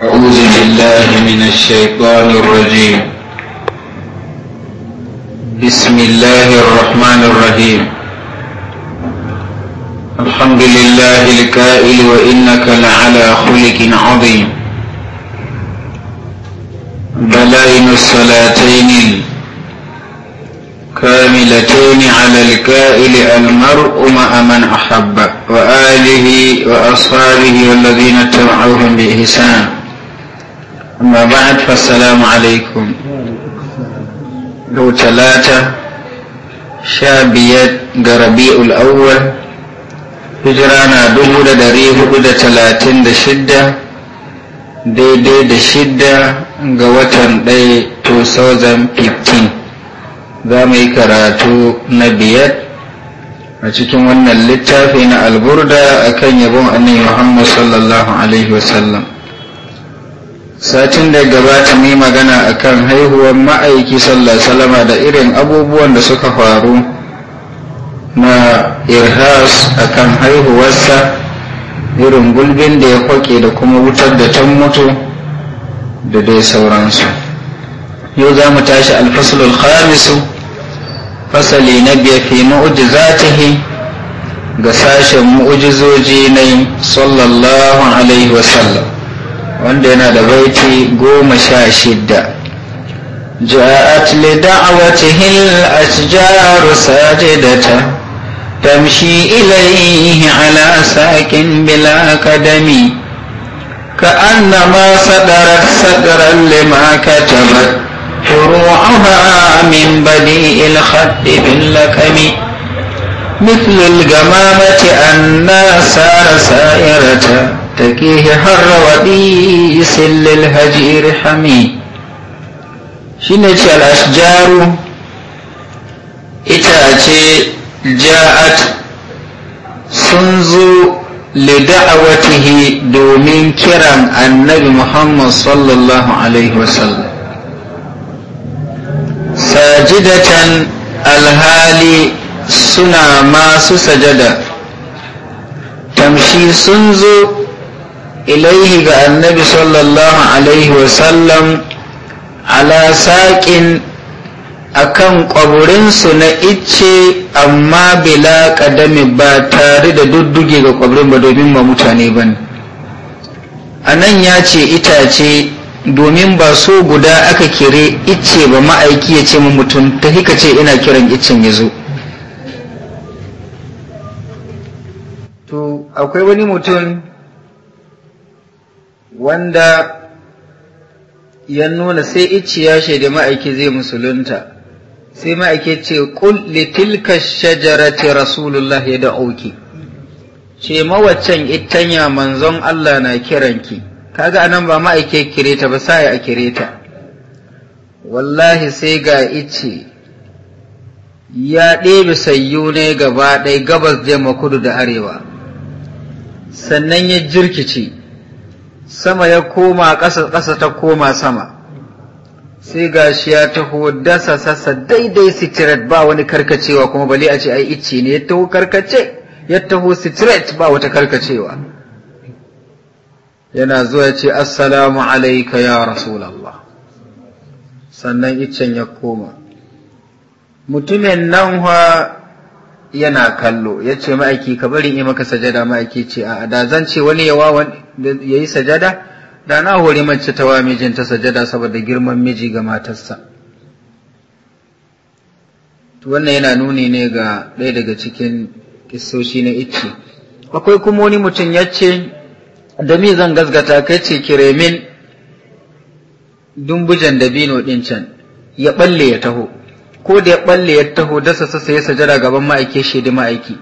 أعوذ بالله من الشيطان الرجيم بسم الله الرحمن الرحيم الحمد لله الكائل وإنك لعلى خلق عظيم بلائن الصلاتين كاملتين على الكائل المرء مع من أحب وآله وأصحابه والذين اتبعوهم بإحسان أما بعد فالسلام عليكم لو ثلاثة شابية غربيع الأول هجرانا hudu دا talatin دا تلاتين دا شدة دي دي دا شدة غوطن دي 2015 za mu yi karatu na biyar a cikin wannan littafi na alburda akan yabon annabi Muhammad sallallahu alaihi satin da gabata mai magana a kan haihuwar ma'aiki salama da irin abubuwan da suka faru na irhas akan haihuwarsa irin gulbin da ya kwake da kuma wutar da ta mutu da dai sauransu yau za mu tashi alfasalul khamisu fasali na biya fi yi ga sashen mu'jizoji na sallallahu alaihi wasallam wanda yana da baiti goma sha shidda جاءت لدعوته الأشجار ساجدة تمشي إليه على ساك بلا قدم كأنما صدرت صدرا لما كتبت فروعها من بديء الخد باللكم مثل الجمامة أن سار سائرة تكيه حر وديس للهجير حمي shine ce itace ja'at sun zo lida'awatihi domin kiran annabi muhammad sallallahu alaihi wasallam sajidatan alhali suna masu sajada tamshi sun zo ilaihi ga annabi sallallahu alaihi wasallam ala saƙin akan kwabirinsu na icce amma bila ƙadami ba tare da dudduge ga kwaburin ba domin ba mutane ba a nan ya ce itace domin ba so guda aka kire icce ba ma'aiki ya ce mu mutum ta hika ce ina kiran iccen ya zo to akwai wani mutum wanda ya nuna sai ice ya shaida ma'aiki zai musulunta sai ma'aiki ce kul li tilka shajarati rasulullah ya da'uki ce mawaccan ittanya manzon Allah na kiranki kaga anan ba ma'aiki kire ta ba sai a kire ta wallahi sai ga icce ya ɗebe sayu ne gaba ɗaya gabas da kudu da arewa sannan ya jirkice sama ya koma ƙasa ƙasa ta koma sama sai gashi ya taho dasa sassa daidai sitiret ba wani karkacewa kuma bali a ce ai icce ne ya taho karkace ya taho sitiret ba wata karkacewa yana zuwa ya ce assalamu alaika ya rasulallah sannan iccen ya koma mutumin nan wa yana kallo ya ce ma'aiki ka bari yi maka sajada ma'aiki ce a da zan ce wani yawa ya yi sajada da na hori mace ta wa mijinta sajada saboda girman miji ga matarsa wannan yana nuni ne ga ɗaya daga cikin kisoshi na icce akwai kuma wani mutum ya ce da mi zan gasgata kai ce kiremin dumbujan dabino ɗin can ya ɓalle ya taho ko da ya balle ya taho dasa sasa ya sajada gaban ma'aike shaidi ma'aiki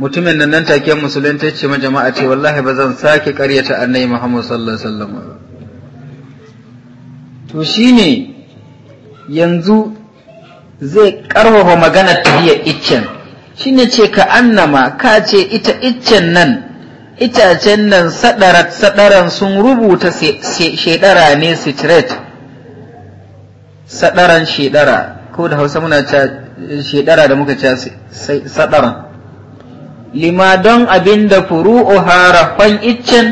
mutumin nan nan take musulun ta ce ma jama'a ce wallahi ba zan sake karyata annabi Muhammad sallallahu alaihi wasallam to shine yanzu zai karwa magana ta tahiyar iccen shine ce ka annama ka ce ita iccen nan itacen nan sadarat sadaran sun rubuta shedara ne sitret sadaran shedara ko da hausa muna cewa shedara da muka cewa sadara lima don abin da furu'u harafan iccen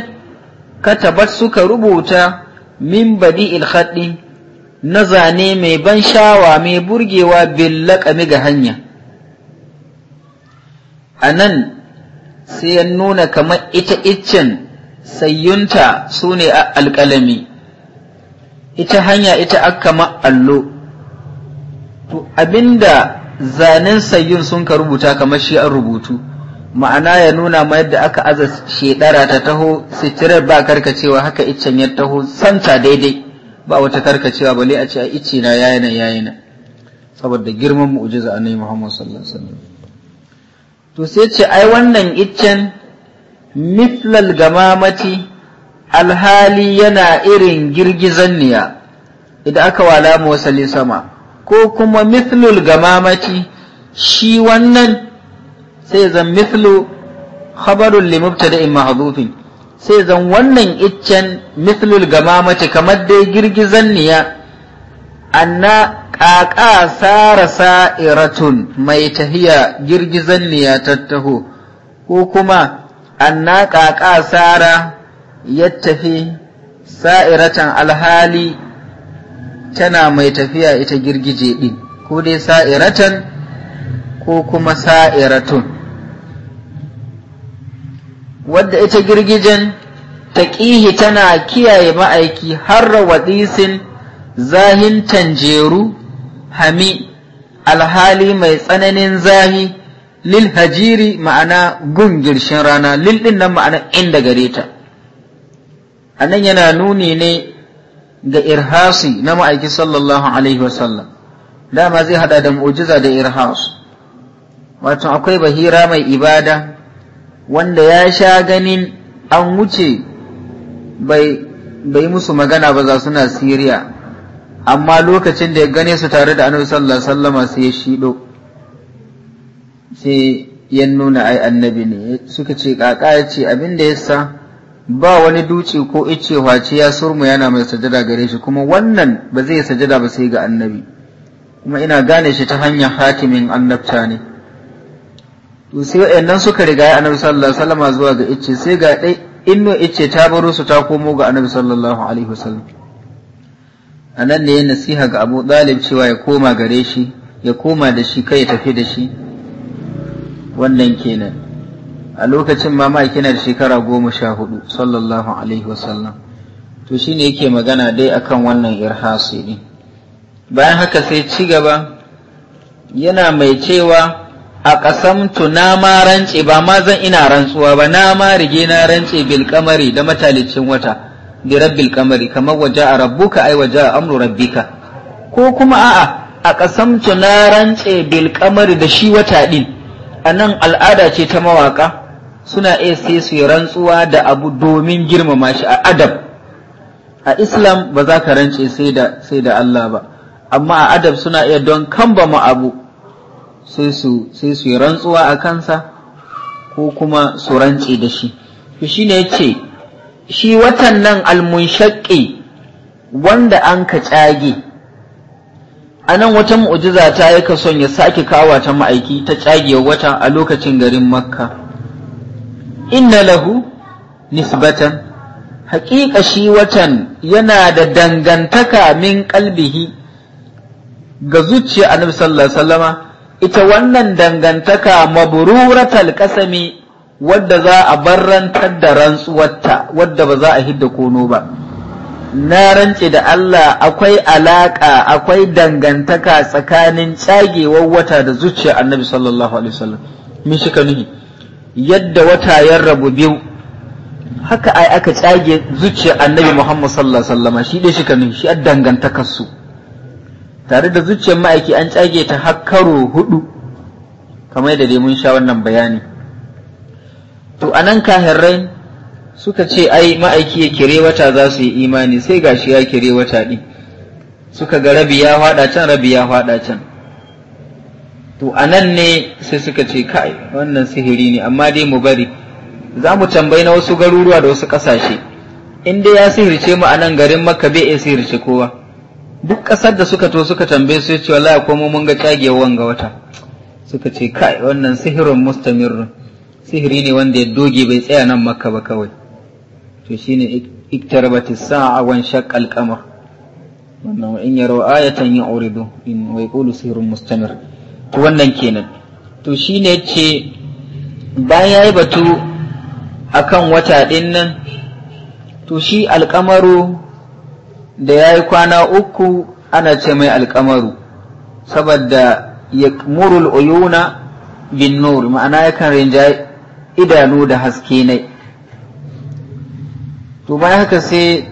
katabat suka rubuta min badi ilhaɗi na zane mai ban shawa mai burgewa bin laƙami ga hanya a nan sai ya nuna kamar ita iccen sayyunta sune ne a alƙalami ita hanya ita aka allo to abinda zanen sayyun sun ka rubuta kamar shi an rubutu ma'ana ya nuna ma yadda aka aza shedara ta taho sitirar ba karkacewa haka iccen ya taho santa daidai ba wata karkacewa bale a ce a icce na yayi nan yayi nan saboda girman mu'jiza annabi Muhammad sallallahu alaihi wasallam to sai ce ai wannan iccen mithlal gamamati alhali yana irin girgizan girgizanniya idan aka wala wasali sama ko kuma mithlul gamamati shi wannan sai zan mithlu khabarul li mubtada'in mahdhufin sai zan wannan iccen mithlul gamamati kamar dai girgizan niya anna ƙaƙa sara sa'iratun mai tahiya girgizan niya tattaho ko kuma anna ƙaƙa sara yattafi sa'iratan alhali tana mai tafiya ita girgije ɗin ko dai sa'iratan ko kuma sa'iratun wadda ita girgijen taƙihi tana kiyaye ma'aiki har waɗisin zahin tanjeru hami alhali mai tsananin zahi lil hajiri ma'ana gun girshin rana lil ɗin nan ma'ana inda gare ta a nan yana nuni ne da irhasi na ma'aiki sallallahu alaihi wasallam dama zai hada da mu'jiza da irhas wato akwai bahira mai ibada wanda ya sha ganin an wuce bai bai musu magana ba za suna siriya amma lokacin da ya gane su tare da annabi sallallahu alaihi sallam sai ya shido sai ya nuna ai annabi ne suka ce kaka ya ce abin da sa. ba wani duce ko ice face ya surmu yana mai sajada gare shi kuma wannan ba zai sajada ba sai ga annabi kuma ina gane shi ta hanyar hakimin annabta ne to sai waɗannan suka riga annabi sallallahu alaihi wasallam zuwa ga ice sai ga dai inno ice ta baro su ta komo ga annabi sallallahu alaihi wasallam anan ne ya nasiha ga Abu Dalib cewa ya koma gare shi ya koma da shi kai ya tafi da shi wannan kenan a lokacin ma ma'aikin da shekara goma sha hudu sallallahu alaihi wasallam to shi ne yake magana dai akan wannan irhasi din bayan haka sai ci gaba yana mai cewa a ƙasamtu na ma rance ba ma zan ina rantsuwa ba na ma rige na rance bil da matalicin wata bi rabbil kamari kamar waje a rabbuka ai waje a amru rabbika ko kuma a'a a ƙasamtu na rance bil da shi wata ɗin, a nan al'ada ce ta mawaƙa. suna iya sai su yi rantsuwa da abu domin girmama shi a adab a islam ba za ka rance sai da Allah ba amma a adab suna iya don kambama abu sai su sai su yi rantsuwa a kansa ko kuma su rance da shi shi shine yace shi watan nan almunshaqi wanda an ka tsage a nan wata mu'jiza ta yaka son ya sake kawata ta ma'aiki ta tsagewar wata a lokacin garin makka inna lahu nisbatan haƙiƙa shi watan yana da dangantaka min kalbihi ga zuciya annabi sallallahu alaihi ita wannan dangantaka mabururatal kasami wadda za a barrantar da rantsuwarta wadda ba za a hidda kono ba na rance da Allah akwai alaƙa akwai dangantaka tsakanin tsagewar wata da zuciya annabi sallallahu alaihi wasallam me shi ka nuhi yadda wata ya rabu biyu haka ai aka tsage zuciyar annabi Muhammad sallallahu alaihi wasallam shi dai shi kanu shi an dangantakar tare da zuciyar ma'aiki an tsage ta har karo hudu kamar yadda dai mun sha wannan bayani to anan kahirrai suka ce ai ma'aiki ya kire wata za su yi imani sai gashi ya kire wata din suka ga rabi ya fada can rabi ya fada can to a nan ne sai suka ce kai wannan sihiri ne amma dai mu bari za mu tambayi na wasu garuruwa da wasu ƙasashe in dai ya sihirce mu a nan garin makka bai iya sihirce kowa duk ƙasar da suka to suka tambaye su ce wallahi ko mun ga cagewar wanga wata suka ce kai wannan sihirin mustamir sihiri ne wanda ya doge bai tsaya nan makka ba kawai to shine iktarbati sa'a wan shaqqal qamar wannan in yaro ayatan yuridu in wa yaqulu sihirun mustamir to wannan kenan to shine ce bayan yi batu akan wata ɗin nan to shi alkamaru da ya yi kwana uku ana ce mai alkamaru saboda ya murul uyuna bin nur ma'ana yakan rinja idanu da haske ne to bayan haka sai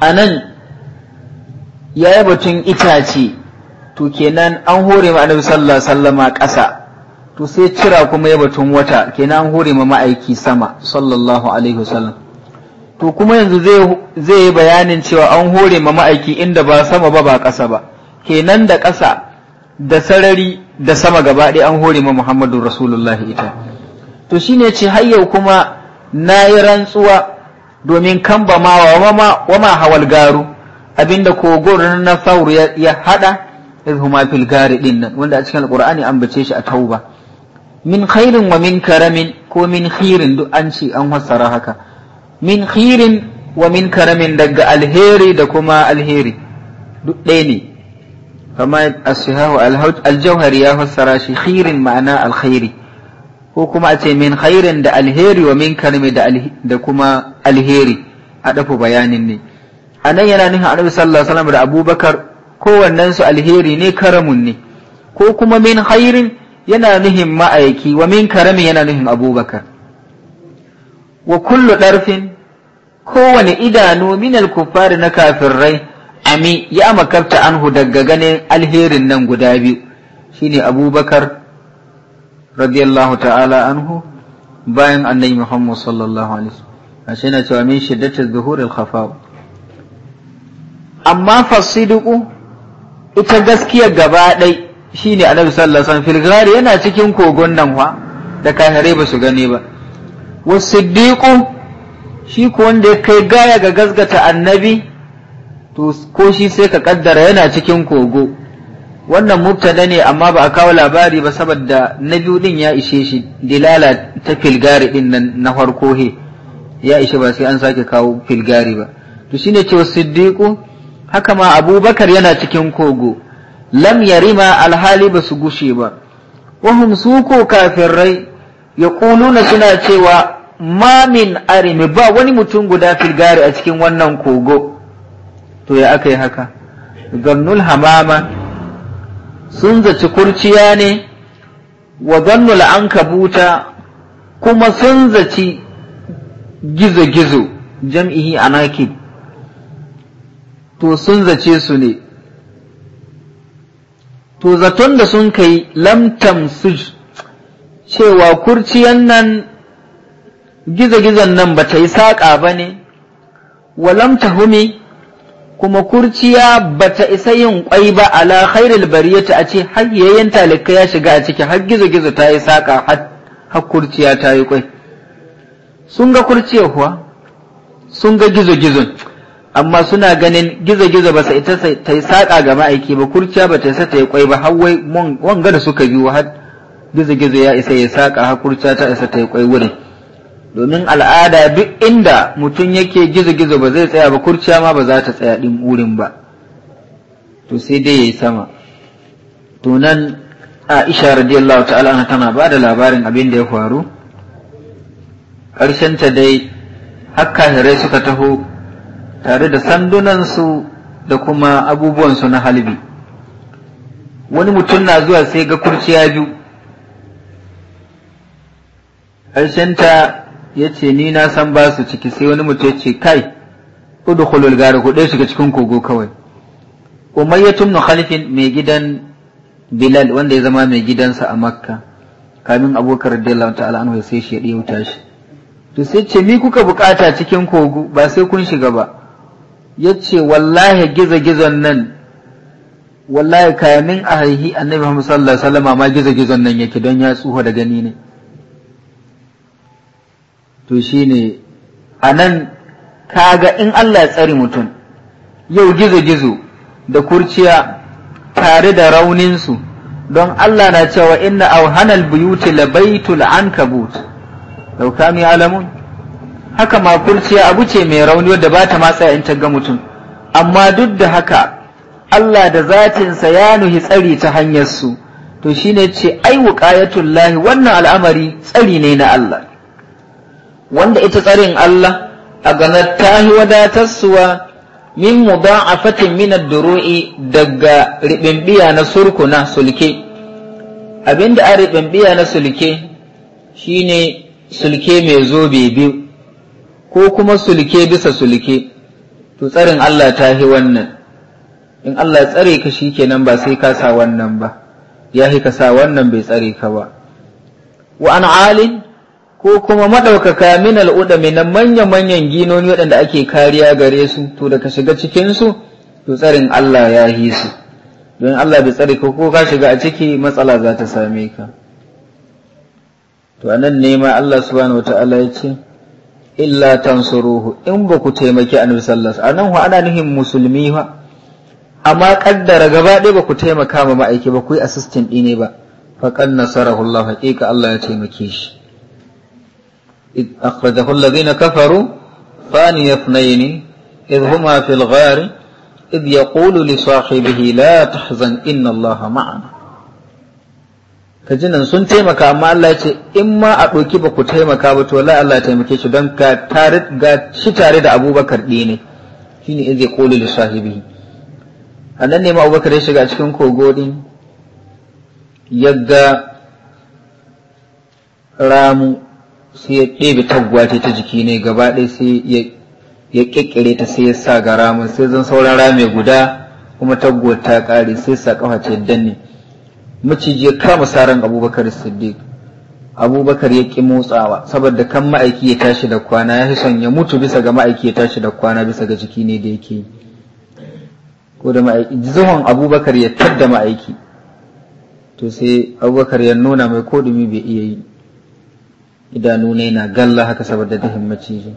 anan nan ya yi batun itace to kenan an hore ma annabi sallallahu alaihi wasallama ƙasa to sai cira kuma ya batun wata kenan an hore ma ma'aiki sama sallallahu alaihi wasallam to kuma yanzu zai zai yi bayanin cewa an hore ma ma'aiki inda ba sama ba ba ƙasa ba kenan da ƙasa da sarari da sama gaba ɗaya an hore ma Muhammadu rasulullah ita to shine ce har yau kuma na yi rantsuwa domin ba ma wa ma hawal garu abinda kogon na saur ya hada iz huma fil gari din nan wanda a cikin alqur'ani an bace shi a tauba min khairin wa min karamin ko min khairin duk an ce an fassara haka min khairin wa min karamin daga alheri da kuma alheri duk ɗaya ne kama al aljauhari ya fassara shi khairin ma'ana alkhairi ko kuma a ce min khairin da alheri wa min karami da kuma alheri a dafa bayanin ne a nan yana nufin annabi sallallahu alaihi wasallam da abubakar su alheri ne karamun ne ko kuma min hairin yana nuhin ma'aiki wa min karamin yana nuhin abubakar wa kullu ɗarfin kowane idanu min alkufari na kafirai ami ya makarta anhu daga ganin alherin nan guda biyu shine abubakar radiyallahu ta'ala anhu bayan annabi muhammad sallallahu alaihi wasallam ashe na cewa min shiddatiz zuhuril khafa amma fasiduku ita gaskiya gaba ɗai shi ne filgari yana cikin kogon nan fa da kahare ba su gani ba wasu siddiƙu shi ko wanda ya kai gaya ga gasgata annabi to ko shi sai ka kaddara yana cikin kogo wannan mubtada ne amma ba a kawo labari ba saboda na biyu din ya ishe shi dilala ta filgari din nan na farko he ya ishe ba sai an sake kawo filgari ba to shine cewa siddiqu haka ma abubakar yana cikin kogo lam yarima alhali ba su gushe ba wahum su ko kafirai ya kuluna suna cewa mamin arimi ba wani mutum guda filgari a cikin wannan kogo to ya aka yi haka zannul hamama sun zaci kurciya ne wa zannul an kabuta kuma sun zaci gizo-gizo jam'ihi anakib to sun zace su ne to zaton da sun kai lamtam suj cewa kurciyan nan giza-gizan nan ba ta yi saƙa ba ne wa humi kuma kurciya ba ta isa yin ƙwai ba ala khairil bariyata a ce hayyayen talika ya shiga a ciki har gizo-gizo ta yi saƙa har kurciya ta yi ƙwai sun ga kurciya kuwa sun ga gizo-gizon amma suna ganin gizo-gizo ba sa ita ta yi saƙa ga ma'aiki ba kurciya ba ta isa ta yi kwai ba har wai wanga da suka biyu har gizo-gizo ya isa ya saƙa har kurciya ta isa ta yi kwai wurin domin al'ada duk inda mutum yake gizo-gizo ba zai tsaya ba kurciya ma ba za ta tsaya ɗin wurin ba to sai dai ya yi sama to nan Aisha radiyallahu ta'ala tana ba da labarin abin da ya faru ƙarshenta dai hakka kahirai suka taho tare da sandunansu da kuma abubuwansu na halbi wani mutum na zuwa sai ga kurciya biyu harshenta ya ce ni na san ba su ciki sai wani mutum ya ce kai udkhulul gara ku shiga cikin kogo kawai umayyatun ya khalifin mai gidan bilal wanda ya zama mai gidansa a makka kamin abokar radiyallahu ta'ala anhu sai shi ya ɗaya wuta shi to sai ce ni kuka bukata cikin kogo ba sai kun shiga ba ya ce wallahi gizo-gizon nan wallahi kayanin a haihi annabi Muhammad sallallahu alaihi wasallam ma gizo-gizon nan yake don ya tsuho da gani ne to shine anan kaga in Allah ya tsare mutum yau gizo-gizo da kurciya tare da rauninsu don Allah na cewa inna auhanal buyuti labaitul ankabut law kanu alamun? haka ma abu ce mai rauni wadda ba ta matsa in ta ga mutum amma duk da haka Allah da zatinsa ya nuhi tsari ta hanyar su to shine ce ai wuqayatul lahi wannan al'amari tsari ne na Allah wanda ita tsarin Allah a ganar tahi wadatarsuwa min mudha'afatin min ad-duru'i daga ribimbiya na surkuna sulke abinda a ribimbiya na sulke shine sulke mai zobe biyu ko kuma sulke bisa sulke to tsarin Allah ta hi wannan in Allah tsare ka shi kenan ba sai ka sa wannan ba ya ka sa wannan bai tsare ka ba wa an alin ko kuma madaukaka min al'udami na manya-manyan ginoni waɗanda ake kariya gare su to da ka shiga cikin su to tsarin Allah ya hi su don Allah bai tsare ka ko ka shiga a ciki matsala za ta same ka to anan ne ma Allah subhanahu wata'ala ya ce إلا تنصروه إن بكو تيمك يا نبي صلى الله عليه وسلم أنا نهم مسلمي أما قدر قبادي بكو تيمك هاما مأيك بكو أسستن إني با فقد نصره الله إيك الله يتيمكيش إذ أخرجه الذين كفروا ثاني اثنين إذ هما في الغار إذ يقول لصاحبه لا تحزن إن الله معنا ka ji nan sun taimaka amma Allah ya ce in ma a ɗauki ba ku taimaka ba to wallahi Allah ya taimake shi don ka tare ga shi tare da Abubakar ɗi shine in zai koli da sahibi a nan ne ma Abubakar ya shiga cikin kogo din yadda ramu sai ya ɗebe taguwa ta jiki ne gaba ɗaya sai ya ƙirƙire ta sai ya sa ga ramu sai zan sauran rame guda kuma taguwar ta ƙare sai sa kafa ce danne maciji ya kama saran abubakar siddiq abubakar ya ki motsawa saboda kan ma'aiki ya tashi da kwana ya son ya mutu bisa ga ma'aiki ya tashi da kwana bisa ga jiki ne da yake ko da ma'aiki zuwan abubakar ya tadda ma'aiki to sai abubakar ya nuna mai kodumi bai iya yi idanu ne na galla haka saboda dahin maciji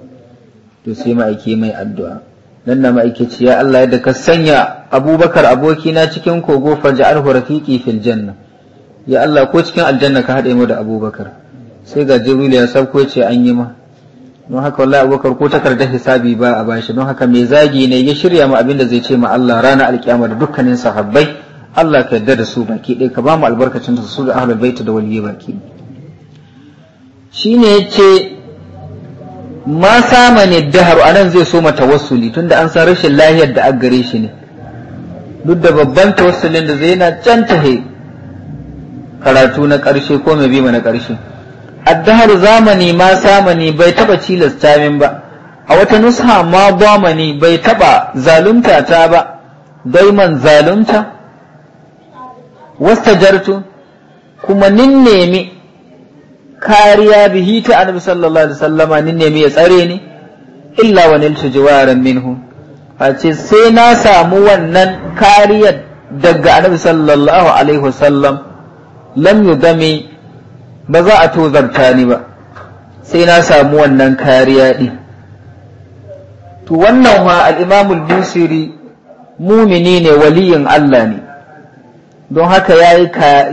to sai ma'aiki mai addu'a nan na ma'aikaci ya Allah yadda ka sanya abubakar abokina cikin kogo faja'alhu rafiqi fil janna ya Allah ko cikin aljanna ka haɗe mu da abubakar sai ga jibril ya sabko ce an yi ma don haka wallahi abubakar ko takardar hisabi ba a bashi don haka mai zagi ne ya shirya mu abin da zai ce ma Allah ranar alkiyama da dukkanin sahabbai Allah ka yarda da su baki ɗaya ka ba mu albarkacin su da ahlul baiti da waliyyi baki shine yace ma sama ne daharu a nan zai so tawassuli tunda an san rashin lahiyar da an gare shi ne duk da babban tawassulin da zai yana can tahe karatu na ƙarshe ko mai bima na ƙarshe addahar zamani ma samani bai taba cilasta min ba a wata nusha ma zamani bai taba zalunta ta ba daiman zalunta wasta jartu kuma nin nemi kariya bihi ta annabi sallallahu alaihi wasallama nin ne ya tsare ni illa wa niltu jiwaran minhu ce sai na samu wannan kariyar daga annabi sallallahu alaihi wasallam lam yudami ba za a tozarta ni ba sai na samu wannan kariya din to wannan wa al-Imam al-Busiri mumini ne waliyin Allah ne don haka yayi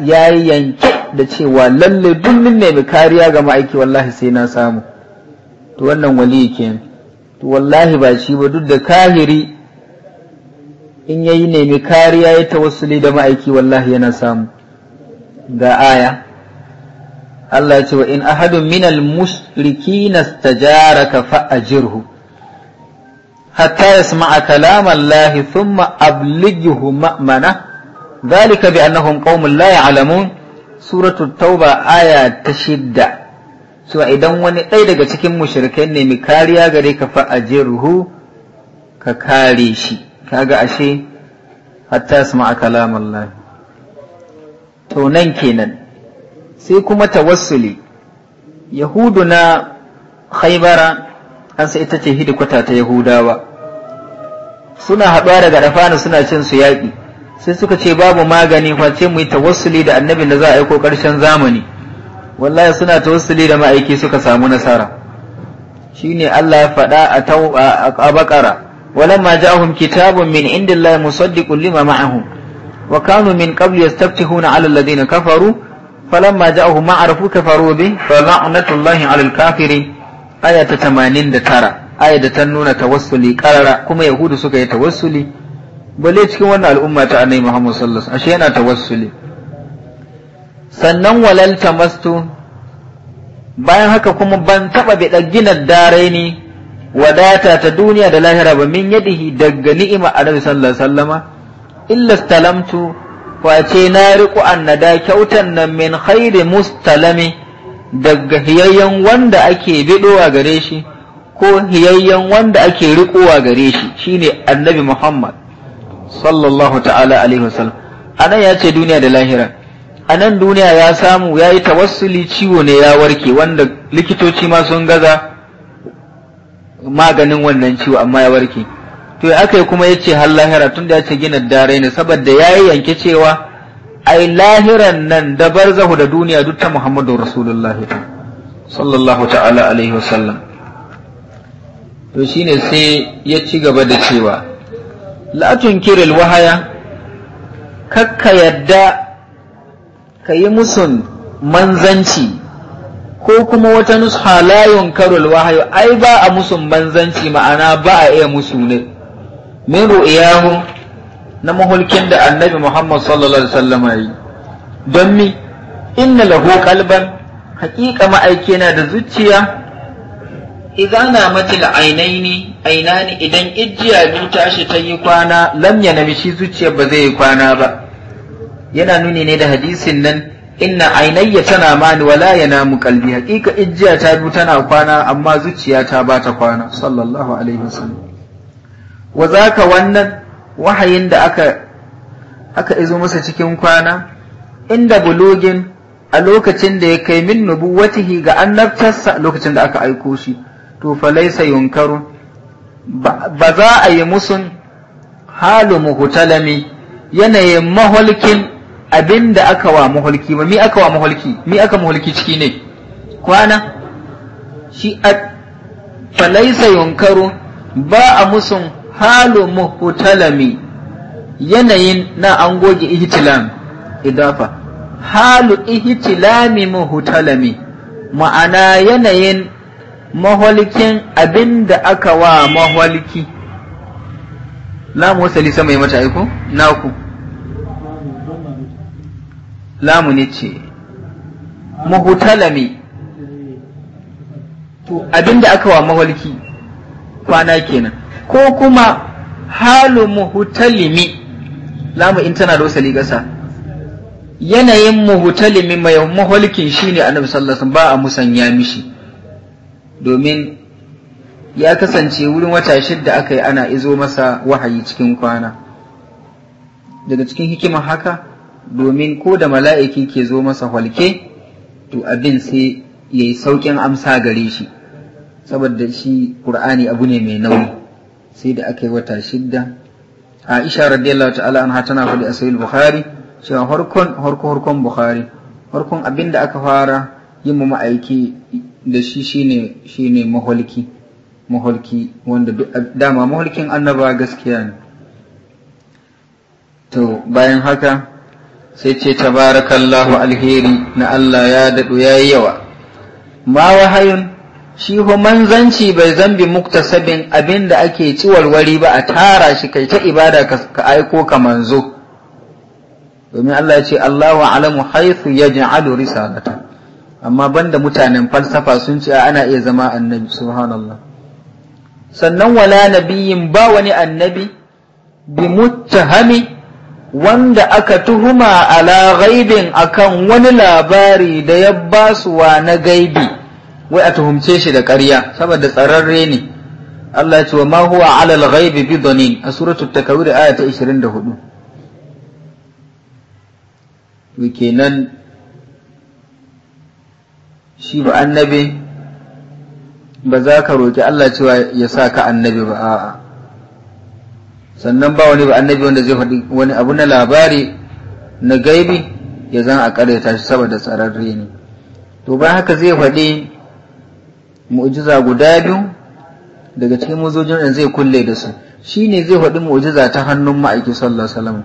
yayi yanke da cewa lalle duk nemi kariya ga ma'aiki wallahi sai na samu to wannan wali kenan to wallahi ba shi ba duk da kahiri in yayi nemi kariya ya tawassuli da ma'aiki wallahi yana samu ga aya Allah ya ce wa in ahadun minal mushrikina istajaraka fa ajirhu hatta yasma'a kalam Allah thumma ablighu ma'mana ذلك بأنهم قوم لا يعلمون suratul tauba aya ta shidda so idan wani ɗaya daga cikin mushirikai ne mai kariya gare ka fa ruhu ka kare shi kaga ashe hatta sama kalam kalamun to nan kenan sai kuma tawassuli yahudu na haibara an sai ita ce hidikwata ta yahudawa suna haɗuwa daga dafana suna cin su yaƙi sai suka ce babu magani face mu yi tawassuli da annabi da za a aiko karshen zamani wallahi suna tawassuli da ma'aiki suka samu nasara shine Allah ya faɗa a tau a bakara walamma ja'ahum kitabun min indillahi musaddiqun lima ma'ahum wa kanu min qablu yastaftihuna 'ala alladhina kafaru falamma ja'ahum ma arafu kafaru bi fa la'natullahi 'alal kafiri. aya ta 89 ayata da ta nuna tawassuli qarara kuma yahudu suka yi tawassuli bale cikin wannan al'umma ta annabi Muhammad sallallahu alaihi ashe yana tawassuli sannan walal tamastu bayan haka kuma ban taba bi daginar ni wadata ta duniya da lahira ba min yadihi daga ni'ima annabi sallallahu alaihi wasallam illa stalamtu na riƙo annada kyautan nan min khairi mustalami daga hiyayyen wanda ake biɗowa gare shi ko hiyayyen wanda ake riƙowa gare shi shine annabi Muhammad sallallahu ta'ala alaihi wasallam anan ya ce duniya da lahira anan duniya ya samu ya yi tawassuli ciwo ne ya warke wanda likitoci ma sun gaza maganin wannan ciwo amma ya warke to aka yi kuma ya ce har lahira tunda da ya ce gina dare ne saboda ya yanke cewa ai lahiran nan da barzahu da duniya duk ta muhammadu rasulullah sallallahu ta'ala alaihi wasallam to shine sai ya ci gaba da cewa la tunkiril wahaya kakka yadda ka yi musun manzanci ko kuma wata nusha la yunkarul wahayu ai ba a musun manzanci ma'ana ba a iya musu ne min ru'iyahu na mahulkin da annabi Muhammad sallallahu alaihi wasallam yi don mi inna lahu qalban haƙiƙa ma'aiki yana da zuciya idza na matil ainaini idan ijiya biyu tashi ta yi kwana lam ya nabi zuciyar ba zai yi kwana ba yana nuni ne da hadisin nan inna ainayya tana mani wala mu qalbi haqiqa ijiya ta biyu tana kwana amma zuciya ta bata kwana sallallahu alaihi wannan wahayin da aka izo masa cikin kwana inda bulogin, a lokacin da ya kai min nubuwatihi ga annabtarsa lokacin da aka aiko shi to fa laysa yunkaru ba za a yi musun halu muhutalami yanayin mahulkin abin da aka wa mahulki ba mi aka wa mahulki mi aka mahulki ciki ne kwana shi a falaisa yunkaru ba a musun halu muhutalami yanayin na an goge ihtilam idafa halu ihtilami muhutalami ma'ana yanayin maholikin abin da aka wa mahwalki lamu wasali sama yi mata aiko Na naku lamu ne ce mahutalami to abin da aka wa maholiki kwana kenan ko kuma halu muhutalimi lamu in tana da wasali gasa yanayin muhutalimi mai maholikin shine annabi sallallahu alaihi wasallam ba a musanya mishi domin ya kasance wurin wata shidda aka yi ana izo masa wahayi cikin kwana daga cikin hikimar haka domin ko da mala'iki ke zo masa walke to abin sai ya yi sauƙin amsa gare shi saboda shi ƙur'ani abu ne mai nauyi sai da aka yi wata shidda aisha radiyallahu ta'ala anha tana faɗi a sayi bukhari cewa harkon harkon bukhari harkon abin da aka fara yin mu ma'aiki da shi shine ne maholki maholki wanda dama maholkin annaba gaskiya ne to bayan haka sai ce tabarakallahu alheri na Allah ya daɗu ya yawa ma wahayun shi ho manzanci bai zambi muktasabin abin da ake ciwalwari ba a tara shi kai ta ibada ka aiko ka manzo domin Allah ya ce Allahu alamu haythu yaj'alu risalata amma banda mutanen falsafa sun ce ana iya zama annabi subhanallah sannan wala nabiyin ba wani annabi bi muttahami wanda aka tuhuma ala ghaibin akan wani labari da ya basuwa na gaibi wai a tuhumce shi da ƙarya saboda tsararre ne Allah ya ce wa ma huwa ala al-ghaibi bi dhanin a suratul takawir aya ta 24 kenan shi ba annabi ba za ka roƙi Allah cewa ya sa ka annabi ba a'a sannan ba wani ba annabi wanda zai faɗi wani abu na labari na gaibi ya zan a ƙareta shi saboda tsararre ne to ba haka zai faɗi mu'jiza guda biyu daga cikin muzojin da zai kulle da su shine zai faɗi mu'ujiza ta hannun ma'aiki sallallahu alaihi wasallam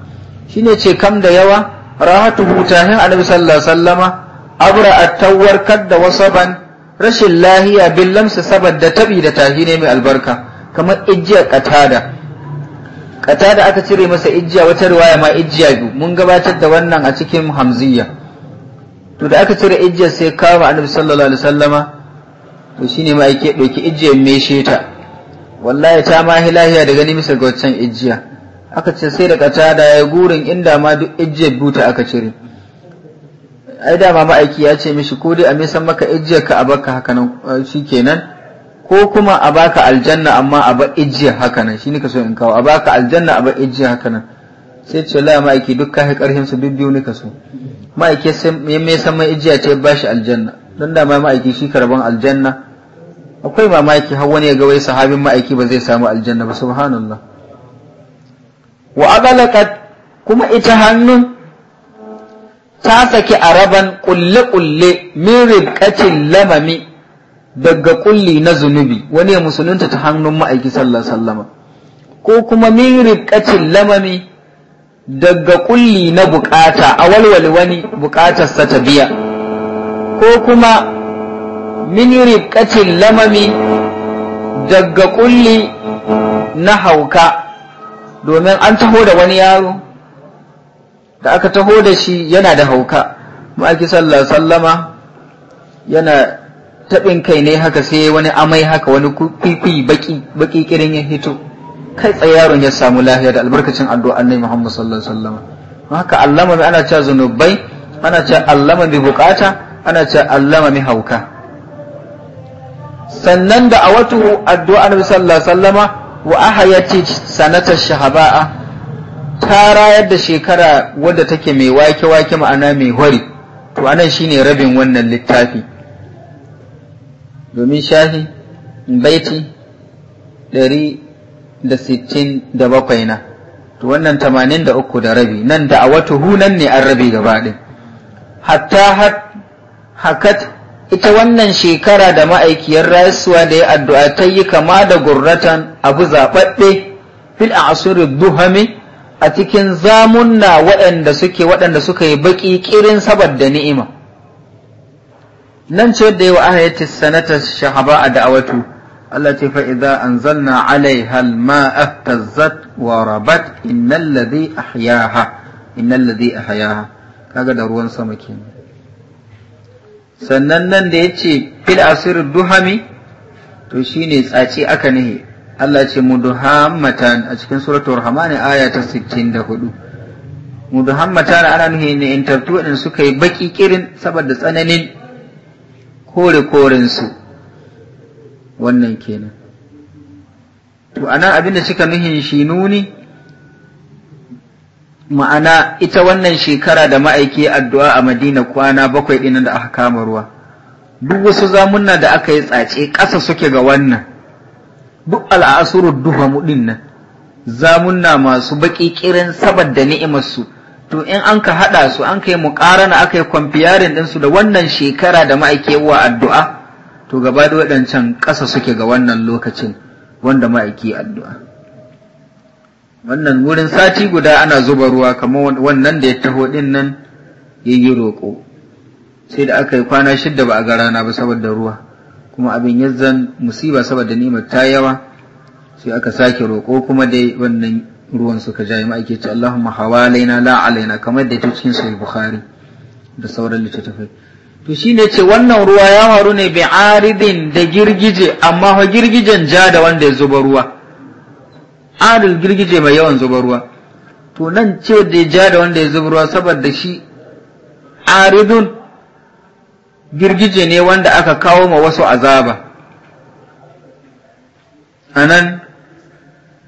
shine ce kam da yawa rahatu hutahin annabi sallallahu alaihi wasallama abra'at tawarkar da wasaban rashin lahiya bin lamsa saboda tabi da tahi ne mai albarka kamar ijiyar katada katada aka cire masa ijiya wata riwaya ma ijiya biyu mun gabatar da wannan a cikin hamziya to da aka cire ijiyar sai kawo annabi sallallahu alaihi wasallama to shine ma yake doki ijiyar meshe ta wallahi ta ma lahiya da gani bisa ga waccan ijiya aka ce sai da katada ya gurin inda ma duk ijiyar buta aka cire ai dama ma'aiki ya ce mishi ko dai a misan maka ijiyar ka a baka hakanan eh, kenan ko kuma a baka aljanna amma a ba ijiyar hakanan ne ka so in kawo a baka aljanna a ba ijiyar hakanan sai ce la ma'aiki duk kai karhin su bibbiyu ne ka so ma'aiki ya mai san mai ijiya ce ba shi aljanna don da ma'aiki shi karban aljanna akwai mamaki har wani ya ga wai sahabin ma'aiki ba zai samu aljanna ba subhanallah wa aghalaqat kuma ita hannun ta saki araban kulle-kulle min ribkacin lamami daga kulli na zunubi wani ya musulunta ta hannun ma'aiki sallallahu sallama ko kuma min ribkacin lamami daga kulli na bukata a walwale wani sa ta biya ko kuma min ribkacin lamami daga kulli na hauka domin an taho da wani yaro da aka taho da shi yana da hauka ma'aiki sallallahu sallama yana taɓin kai ne haka sai wani amai haka wani kwikwi baki baki kirin ya hito kai tsaye yaron ya samu lafiya da albarkacin addu'a annabi Muhammad sallallahu alaihi wasallam haka allama mai ana cewa zunubai ana cewa allama mai bukata ana cewa allama mai hauka sannan da awatu addu'a annabi sallallahu alaihi wasallama wa ahayati sanata shahaba'a ta rayar da shekara wadda take mai wake-wake ma'ana mai hori to anan shine rabin wannan littafi domin shafi baiti ɗari da sittin da bakwai na to wannan tamanin da uku da rabi nan da a wata hunan ne an rabi gaba ɗin hatta hakat ita wannan shekara da ma'aikiyar rayuwa da ya addu'a ta yi kama da gurratan abu zaɓaɓɓe fil a duhami a cikin zamunna waɗanda suke waɗanda suka yi baƙi ƙirin da ni'ima nan ce da yawa aka yace sanata shahaba a da'awatu Allah ce fa idza anzalna alaiha al-ma'a tazzat wa rabat innal ladhi ahyaha innal ladhi ahyaha kaga da ruwan sama kenan sannan nan da yace fil asir duhami to shine tsaci aka nihi Allah ce muduhammatan a cikin suratul rahman aya ta 64 muduhammatan ana nuhi ne in tartu din suka yi baki kirin saboda tsananin kore koren su wannan kenan to ana abin da suka nuhin shi nuni ma'ana ita wannan shekara da ma'aiki addu'a a Madina kwana bakwai dinan da aka kama ruwa duk wasu zamunna da aka yi tsace ƙasa suke ga wannan duk al'asuru duhamu din nan zamunna masu baki kirin saboda ni'imar su to in an ka hada su an kai na akai yi din su da wannan shekara da ma'aikewa addu'a to gaba da waɗancan ƙasa suke ga wannan lokacin wanda ma'aiki addu'a wannan wurin sati guda ana zuba ruwa kamar wannan da ya taho din nan yayi roƙo sai da aka yi kwana shidda ba a ga rana ba saboda ruwa kuma abin yazzan musiba saboda ni'imar ta yawa sai aka sake roƙo kuma dai wannan ruwan suka jaye ma ake ce Allahumma hawalaina la alaina kamar da ta cikin sahih bukhari da sauran littattafai to shine ce wannan ruwa ya faru ne bi aridin da girgije amma fa girgijen ja da wanda ya zuba ruwa adil girgije mai yawan zuba ruwa to nan ce da ya ja da wanda ya zuba ruwa saboda shi aridun girgije ne wanda aka kawo ma wasu azaba anan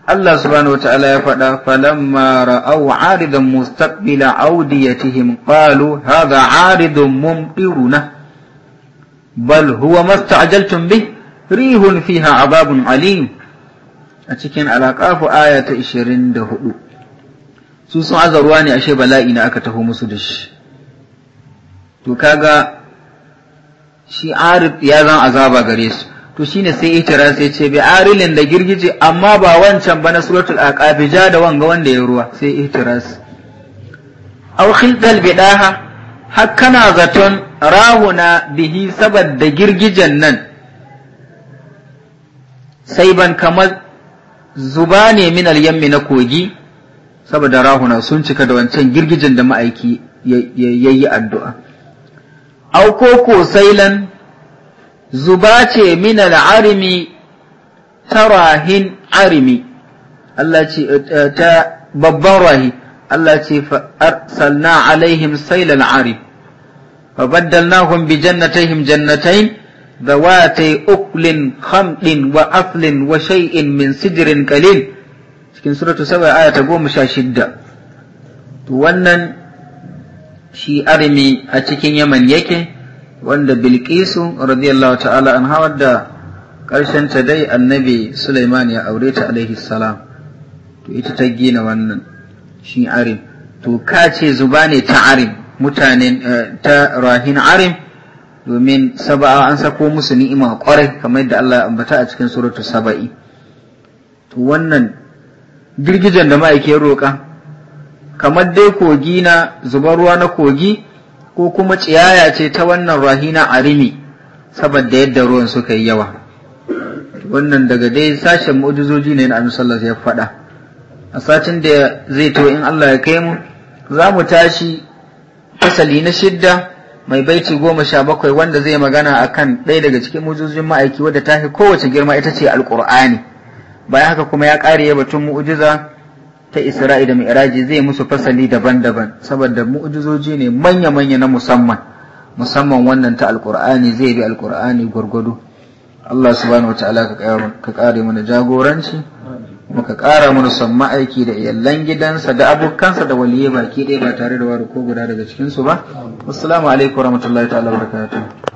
Allah subhanahu wata'ala ya faɗa falamma ra'aw 'aridan mustaqbila awdiyatihim qalu hadha 'aridun mumtiruna bal huwa masta'jaltum bih rihun fiha 'adabun 'alim a cikin alaqafu aya ta 24 su sun azaruwa ne ashe bala'i na aka taho musu da shi to kaga shi arif ya zan azaba gare su to shine sai itira sai ce bi arilin da girgije amma ba wancan ba na suratul aqab ja da wanga wanda ya ruwa sai itiras aw khildal bidaha hakkana zaton rahuna bihi saboda girgijen nan sai ban kamar zuba ne min alyammi na kogi saboda rahuna sun cika da wancan girgijen da ma'aiki yayi addu'a au sai lan zuba ce min al'arimi tarahin arimi Allah ce eh, eh, ta babban rahi Allah ce arsalna alaihim sailan arim فبدلناهم بجنتهم جنتين ذواتي أكل خمط وأصل وشيء من سدر قليل cikin suratu saba aya ta goma sha shidda wannan shi armi a cikin yaman yake wanda bilkisu radiyallahu ta'ala an hawar da ƙarshen ta dai annabi Suleiman ya aure ta alaihi salam to ita ta gina wannan shi arim to ka ce zuba ne ta arim mutane eh, ta rahin arim domin saba'a an sako musu ni'ima kwarai kamar yadda Allah ya ambata a cikin suratu saba'i to wannan girgijen da ma'aikiyar roƙa kamar dai kogi na zubar ruwa na kogi ko kuma ciyaya ce ta wannan rahina a rimi saboda yadda ruwan suka yi yawa wannan daga dai sashen mu'jizoji ne na annabi sallallahu ya faɗa a satin da zai to in Allah ya kai mu za mu tashi fasali na shidda mai baiti goma sha bakwai wanda zai magana akan ɗaya daga cikin mu'jizojin ma'aiki wadda ta fi kowace girma ita ce alƙur'ani bayan haka kuma ya ƙare batun mu'jiza ta Isra'i da Mi'raji zai musu fasali daban-daban saboda mu'jizoji ne manya-manya na musamman musamman wannan ta alkur'ani zai bi alkur'ani gwargwado Allah subhanahu wataala ka kare mana jagoranci muka kara mana son ma'aiki da iyallan gidansa da abokansa da waliye baki ɗaya ba tare da wari ko guda daga cikinsu ba assalamu alaikum warahmatullahi ta'ala barakatuh